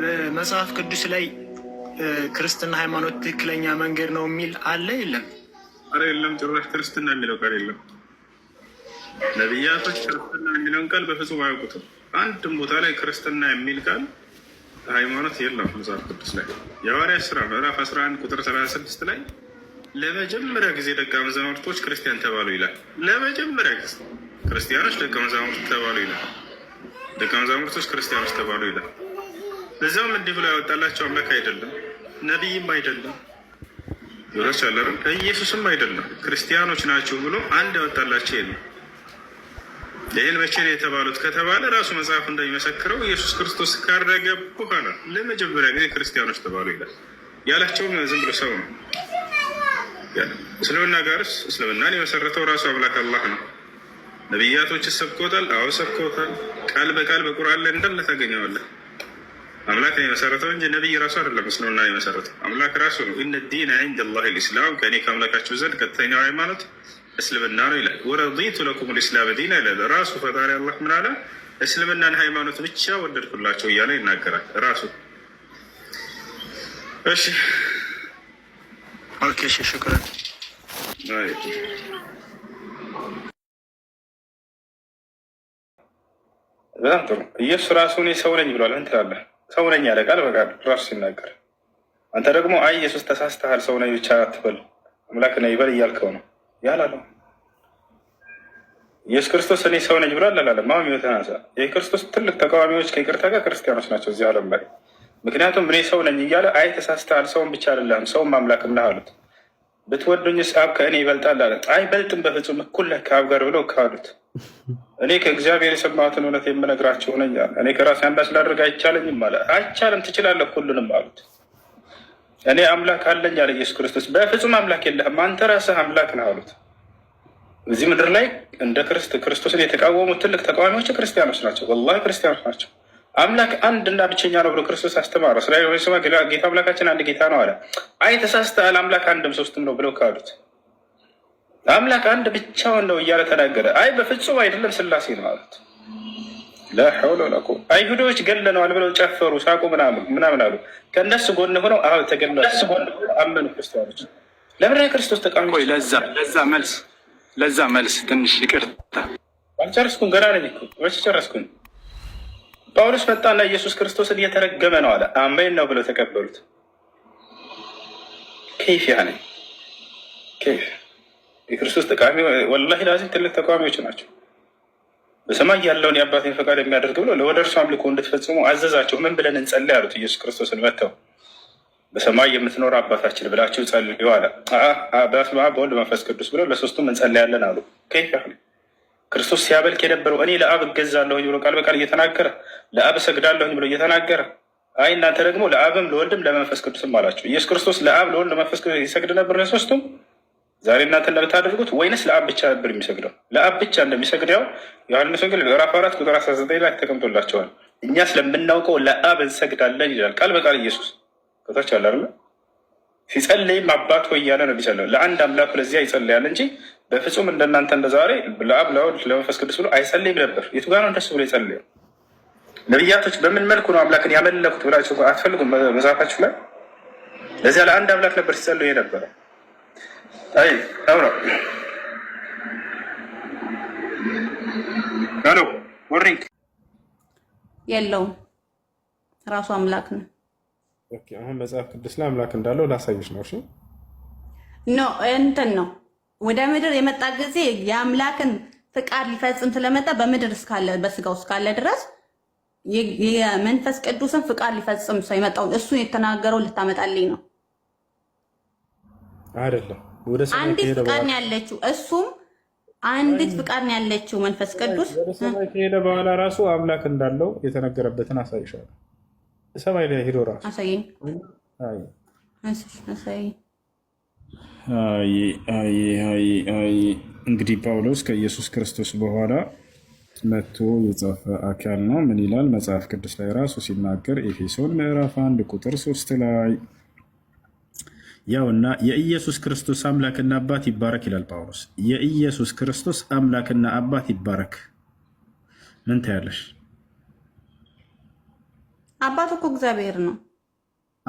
በመጽሐፍ ቅዱስ ላይ ክርስትና ሃይማኖት ትክክለኛ መንገድ ነው የሚል አለ የለም? አረ የለም። ጭራሽ ክርስትና የሚለው ቃል የለም። ነቢያቶች ክርስትና የሚለውን ቃል በፍጹም አያውቁትም። አንድም ቦታ ላይ ክርስትና የሚል ቃል ሃይማኖት የለም መጽሐፍ ቅዱስ ላይ። የሐዋርያት ስራ ምዕራፍ 11 ቁጥር 36 ላይ ለመጀመሪያ ጊዜ ደቀ መዛሙርቶች ክርስቲያን ተባሉ ይላል። ለመጀመሪያ ጊዜ ክርስቲያኖች ደቀ መዛሙርት ተባሉ ይላል። ደቀ መዛሙርቶች ክርስቲያኖች ተባሉ ይላል። በዚያውም እንዲህ ብሎ ያወጣላቸው አምላክ አይደለም፣ ነቢይም አይደለም፣ ይወላቻለር ኢየሱስም አይደለም፣ ክርስቲያኖች ናቸው ብሎ አንድ ያወጣላቸው የለም። ይህን መቼ ነው የተባሉት ከተባለ ራሱ መጽሐፍ እንደሚመሰክረው ኢየሱስ ክርስቶስ ካረገ በኋላ ለመጀመሪያ ጊዜ ክርስቲያኖች ተባሉ ይላል። ያላቸውም ዝም ብሎ ሰው ነው። እስልምና ጋርስ እስልምናን የመሰረተው ራሱ አምላክ አላህ ነው። ነቢያቶች ሰብኮታል። አዎ ሰብኮታል። ቃል በቃል በቁርአን ላይ እንዳለ ታገኘዋለን። አምላክ ነው የመሰረተው እንጂ ነቢይ ራሱ አይደለም እስልምና የመሰረተው አምላክ ራሱ ነው። ኢነ ዲነ ዒንደ ላሂ ልእስላም ከእኔ ከአምላካችሁ ዘንድ ቀጥተኛው ሃይማኖት እስልምና ነው ይላል። ወረዲቱ ለኩም ልእስላም ዲና ይላል ራሱ ፈጣሪ አላህ ምን አለ? እስልምናን ሃይማኖት ብቻ ወደድኩላቸው እያለ ይናገራል ራሱ። እሺ ኦኬ፣ እሺ ሽክረን በጣም ጥሩ። ኢየሱስ ራሱን የሰው ነኝ ብሏል። ምን ትላለህ? ሰው ነኝ ያለ ቃል በቃል ራሱ ሲናገር፣ አንተ ደግሞ አይ ኢየሱስ ተሳስተሃል፣ ሰው ነኝ ብቻ አትበል፣ አምላክ ነኝ ይበል እያልከው ነው ያላለ ኢየሱስ ክርስቶስ እኔ ሰው ነኝ ብሏል አላለም። ማም ይወተናሳ የክርስቶስ ትልቅ ተቃዋሚዎች ከይቅርታ ጋር ክርስቲያኖች ናቸው እዚህ ዓለም ላይ። ምክንያቱም እኔ ሰው ነኝ እያለ አይ ተሳስተሃል፣ ሰውን ብቻ አይደለም ሰውም አምላክም ነህ አሉት። ብትወዱኝስ አብ ከእኔ ይበልጣል አለ። አይበልጥም በፍጹም እኩል ነህ ከአብ ጋር ብለው ካሉት፣ እኔ ከእግዚአብሔር የሰማሁትን እውነት የምነግራቸው ነኝ አለ። እኔ ከራሴ አንዳች ላደርግ አይቻለኝም አለ። አይቻልም ትችላለህ ሁሉንም አሉት። እኔ አምላክ አለኝ አለ ኢየሱስ ክርስቶስ። በፍጹም አምላክ የለህም አንተ ራስህ አምላክ ነህ አሉት። እዚህ ምድር ላይ እንደ ክርስቶስን የተቃወሙ ትልቅ ተቃዋሚዎች ክርስቲያኖች ናቸው። ወላሂ ክርስቲያኖች ናቸው። አምላክ አንድ እና ብቸኛ ነው ብሎ ክርስቶስ አስተማረ። ስለ ስማ ጌታ አምላካችን አንድ ጌታ ነው አለ። አይ ተሳስተሃል፣ አምላክ አንድም ሶስትም ነው ብለው ካሉት አምላክ አንድ ብቻውን ነው እያለ ተናገረ። አይ በፍጹም አይደለም፣ ስላሴ ነው አሉት። ላሐውለ ወላ አይሁዶች ገለነዋል ብለው ጨፈሩ፣ ሳቁ፣ ምናምን አሉ። ከእነሱ ጎን ሆነው አሁ ተገለዋል አመኑ ክርስቲያኖች። ለምን ክርስቶስ ተቃሚ? ለዛ ለዛ መልስ ለዛ መልስ ትንሽ ይቅርታ አልጨረስኩም፣ ገና ነኝ እኮ መቼ ጨረስኩኝ? ጳውሎስ መጣና ኢየሱስ ክርስቶስን እየተረገመ ነው አለ። አሜን ነው ብለው ተቀበሉት። ከይፍ ያኔ ከይፍ የክርስቶስ ጠቃሚ ወላሂ ላዚም ትልቅ ተቃዋሚዎች ናቸው። በሰማይ ያለውን የአባቴን ፈቃድ የሚያደርግ ብሎ ወደ እርሱ አምልኮ እንድትፈጽሙ አዘዛቸው። ምን ብለን እንጸልይ አሉት። ኢየሱስ ክርስቶስን መጥተው በሰማይ የምትኖር አባታችን ብላችሁ ጸልዩ አለ። በስመ አብ በወልድ መንፈስ ቅዱስ ብሎ ለሶስቱም እንጸለያለን አሉ። ከይፍ ያኔ ክርስቶስ ሲያበልክ የነበረው እኔ ለአብ እገዛለሁ ብሎ ቃል በቃል እየተናገረ ለአብ እሰግዳለሁ ብሎ እየተናገረ አይ እናንተ ደግሞ ለአብም ለወልድም ለመንፈስ ቅዱስም አላቸው። ኢየሱስ ክርስቶስ ለአብ ለወልድ ለመንፈስ ቅዱስ ይሰግድ ነበር ለሶስቱም ዛሬ እናንተ እንደምታደርጉት ወይንስ ለአብ ብቻ ነበር የሚሰግደው? ለአብ ብቻ እንደሚሰግድ ያው ዮሐንስ ወንጌል ምዕራፍ አራት ቁጥር አስራ ዘጠኝ ላይ ተቀምጦላቸዋል። እኛ ስለምናውቀው ለአብ እንሰግዳለን ይላል ቃል በቃል ኢየሱስ ከታች አለ ሲጸልይም አባት ሆይ እያለ ነው የሚጸለው። ለአንድ አምላክ ለዚያ ይጸለያል እንጂ በፍጹም እንደናንተ እንደዛሬ ለአብ ለወልድ ለመንፈስ ቅዱስ ብሎ አይጸልይም ነበር። የቱ ጋር ነው እንደሱ ብሎ ይጸልዩ? ነቢያቶች በምን መልኩ ነው አምላክን ያመለኩት ብላችሁ አትፈልጉም መጽሐፋችሁ ላይ? ለዚያ ለአንድ አምላክ ነበር ሲጸልዩ የነበረ። አይ ነው ሄሎ ወሪንግ የለውም ራሱ አምላክ ነው። አሁን መጽሐፍ ቅዱስ ላይ አምላክ እንዳለው ላሳይሽ ነው። እሺ ኖ እንትን ነው ወደ ምድር የመጣ ጊዜ የአምላክን ፍቃድ ሊፈጽም ስለመጣ በምድር እስካለ በስጋው እስካለ ድረስ የመንፈስ ቅዱስን ፍቃድ ሊፈጽም ሰው የመጣው እሱ የተናገረው ልታመጣልኝ ነው አይደለም። አንዲት ፍቃድ ነው ያለችው፣ እሱም አንዲት ፍቃድ ነው ያለችው። መንፈስ ቅዱስ ከሄደ በኋላ ራሱ አምላክ እንዳለው የተነገረበትን አሳይሻለሁ። ሰማይ ላይ ሄዶ ራሱ አሳየኝ። እንግዲህ ጳውሎስ ከኢየሱስ ክርስቶስ በኋላ መጥቶ የጻፈ አካል ነው። ምን ይላል መጽሐፍ ቅዱስ ላይ ራሱ ሲናገር ኤፌሶን ምዕራፍ አንድ ቁጥር ሶስት ላይ ያውና የኢየሱስ ክርስቶስ አምላክና አባት ይባረክ ይላል ጳውሎስ። የኢየሱስ ክርስቶስ አምላክና አባት ይባረክ። ምን ታያለሽ? አባት እኮ እግዚአብሔር ነው።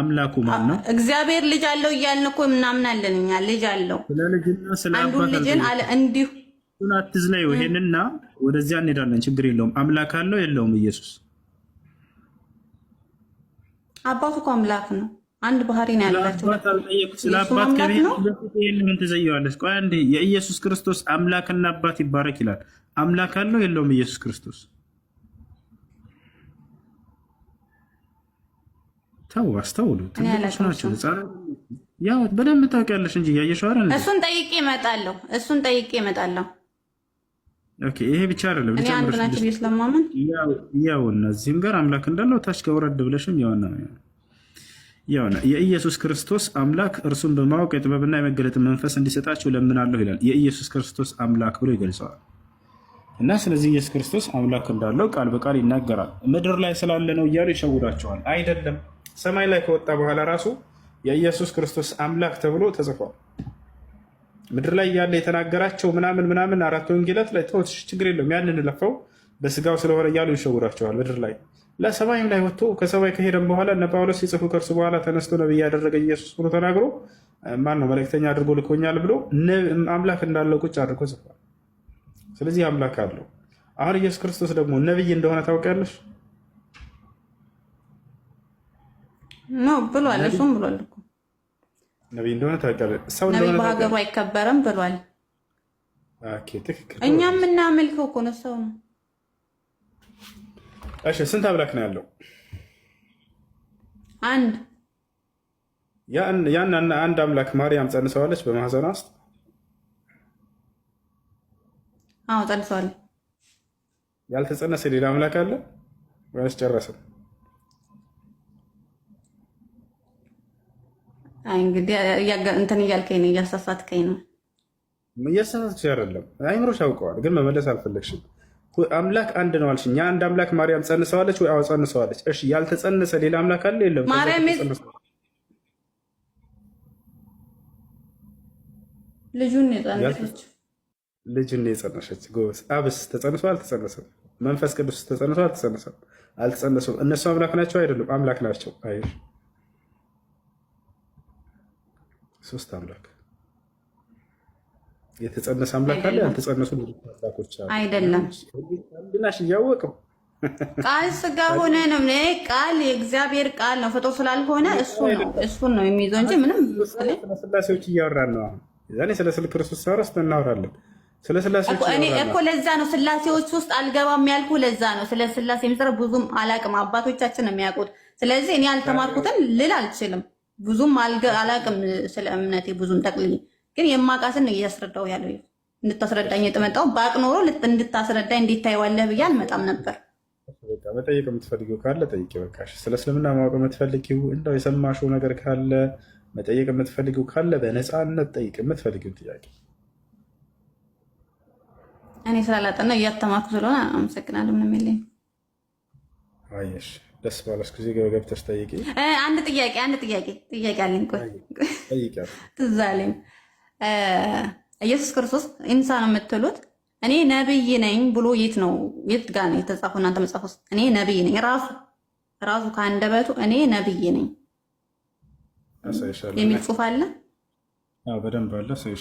አምላኩ ማን ነው? እግዚአብሔር ልጅ አለው እያልን እኮ ምናምን እኛ ልጅ አለው። ስለ ልጅና ስለ አንዱን ልጅን አለ እንዲሁ አትዝለዩ። ይሄንና ወደዚያ እንሄዳለን። ችግር የለውም። አምላክ አለው የለውም? ኢየሱስ አባቱ እኮ አምላክ ነው። አንድ ባህሪ ነው ያላቸው። ስለ አባት ከምን ትዘየዋለች? ቆይ አንዴ። የኢየሱስ ክርስቶስ አምላክና አባት ይባረክ ይላል። አምላክ አለው የለውም? ኢየሱስ ክርስቶስ ተው አስተውሉ። ናቸው ያው በደንብ ታውቂያለሽ እንጂ እያየሽው አይደል? እሱን ጠይቄ እመጣለሁ። እሱን ጠይቄ እመጣለሁ። ኦኬ ይሄ ብቻ አይደለም። ያው እነዚህም ጋር አምላክ እንዳለው ታች ከውረድ ብለሽም ያውና ያውና የኢየሱስ ክርስቶስ አምላክ እርሱን በማወቅ የጥበብና የመገለጥ መንፈስ እንዲሰጣችሁ ለምናለሁ ይላል። የኢየሱስ ክርስቶስ አምላክ ብሎ ይገልጸዋል። እና ስለዚህ ኢየሱስ ክርስቶስ አምላክ እንዳለው ቃል በቃል ይናገራል። ምድር ላይ ስላለ ነው እያሉ ይሸውዳቸዋል። አይደለም ሰማይ ላይ ከወጣ በኋላ ራሱ የኢየሱስ ክርስቶስ አምላክ ተብሎ ተጽፏል። ምድር ላይ ያለ የተናገራቸው ምናምን ምናምን አራት ወንጌላት ላይ ተወትሽ ችግር የለውም ያንን ለፈው በስጋው ስለሆነ እያሉ ይሸውራቸዋል። ምድር ላይ ለሰማይም ላይ ወጥቶ ከሰማይ ከሄደም በኋላ እነ ጳውሎስ ሲጽፉ ከእርሱ በኋላ ተነስቶ ነብይ ያደረገ ኢየሱስ ብሎ ተናግሮ ማን ነው መልእክተኛ አድርጎ ልኮኛል ብሎ አምላክ እንዳለው ቁጭ አድርጎ ጽፏል። ስለዚህ አምላክ አለው። አሁን ኢየሱስ ክርስቶስ ደግሞ ነብይ እንደሆነ ታውቂያለሽ። ነው ብሏል። እሱም ብሏል እኮ ነቢይ እንደሆነ ታውቂያለሽ። ነቢይ በሀገሩ አይከበረም ብሏል። እኛ የምናመልከው እኮ ነው ሰው ነው። እሺ ስንት አምላክ ነው ያለው? አንድ ያን አንድ አምላክ ማርያም ጸንሰዋለች በማህፀኗ ውስጥ። አዎ ጸንሰዋለች። ያልተጸነሰ ሌላ አምላክ አለ ወይስ ጨረሰ? እንግዲህ እንትን እያልከኝ ነው፣ እያሳሳትከኝ ነው። እያሳሳትሽ አይደለም፣ አይምሮሽ ያውቀዋል፣ ግን መመለስ አልፈለግሽም። አምላክ አንድ ነው አልሽኝ። አንድ አምላክ ማርያም ጸንሰዋለች ወይ? አዎ ጸንሰዋለች። እሺ፣ ያልተጸነሰ ሌላ አምላክ አለ? የለም። ልጁን የጸነሰችው ልጅን የጸነሰች ጎበዝ። አብስ ተጸንሶ አልተጸነሰም? መንፈስ ቅዱስ ተጸንሶ አልተጸነሰም? አልተጸነሱም። እነሱ አምላክ ናቸው አይደሉም? አምላክ ናቸው። አይ ሶስት አምላክ የተጸነሰ አምላክ አለ፣ ያልተጸነሱ አምላኮች አሉ። አይደለም ናሽ እያወቀው ቃል ስጋ ሆነ ነው። ቃል የእግዚአብሔር ቃል ነው። ፍጡር ስላልሆነ እሱን ነው የሚይዘው እንጂ ምንም ስለስላሴዎች እያወራን ነው። አሁን ዛኔ ስለ ስለ ክርስቶስ ስለ ስላሴዎች እኔ እኮ ለዛ ነው ስላሴዎች ውስጥ አልገባም ያልኩ። ለዛ ነው ስለ ስላሴ ብዙም አላቅም። አባቶቻችን ነው የሚያውቁት። ስለዚህ እኔ ያልተማርኩትን ልል አልችልም። ብዙም አላቅም ስለ እምነቴ ብዙም ጠቅልዬ ግን የማቃስን ነው እያስረዳሁ ያለው። እንድታስረዳኝ የጥመጣው በአቅ ኖሮ እንድታስረዳኝ እንዲታይዋለህ ታይዋለህ ብዬ አልመጣም ነበር። መጠየቅ የምትፈልጊው ካለ ጠይቄ በቃሽ። ስለ እስልምና ማወቅ የምትፈልጊው እንደው የሰማሽው ነገር ካለ መጠየቅ የምትፈልጊው ካለ በነፃነት ጠይቅ። የምትፈልጊው ጥያቄ እኔ ስላላጠና እያተማኩ ስለሆነ አመሰግናለሁ። ምንም የለኝም። አየሽ ደስ ባለሽ ጊዜ ገብተሽ ጠይቂ። አንድ ጥያቄ አንድ ጥያቄ ጥያቄ አለኝ። ትዝ አለኝ ኢየሱስ ክርስቶስ ኢንሳ ነው የምትሉት፣ እኔ ነብይ ነኝ ብሎ የት ነው የት ጋር ነው የተጻፈው? እናንተ መጽሐፍ ውስጥ እኔ ነብይ ነኝ ራሱ ራሱ ከአንደበቱ እኔ ነብይ ነኝ የሚል ጽሑፍ አለ። በደንብ አለ ሰው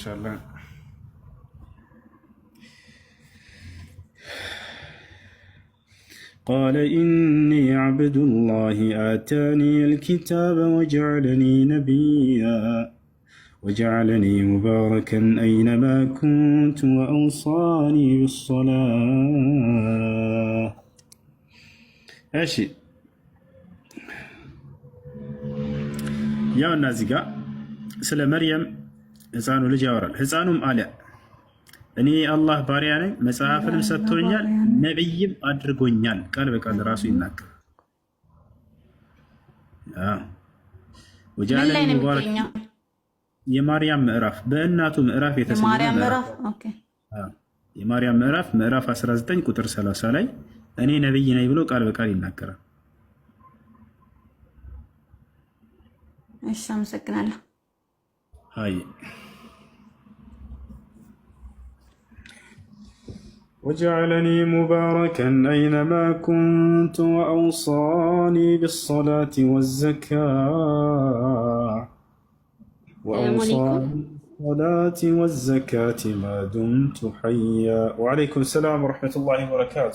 قال إني عبد الله آتاني الكتاب وجعلني نبيا وجعلني مباركا أينما كنت وأوصاني بالصلاة أشي يا النازقة سلام مريم هزانو ልጅ هزانو مآلئ እኔ አላህ ባሪያ ነኝ፣ መጽሐፍንም ሰጥቶኛል፣ ነብይም አድርጎኛል። ቃል በቃል ራሱ ይናገር። የማርያም ምዕራፍ በእናቱ ምዕራፍ የማርያም ምዕራፍ ምዕራፍ 19 ቁጥር 30 ላይ እኔ ነብይ ነኝ ብሎ ቃል በቃል ይናገራል። እሺ፣ አመሰግናለሁ። وجعلني مباركا أينما كنت وأوصاني بالصلاة والزكاة وأوصاني بالصلاة والزكاة ما دمت حيا وعليكم السلام ورحمة الله وبركاته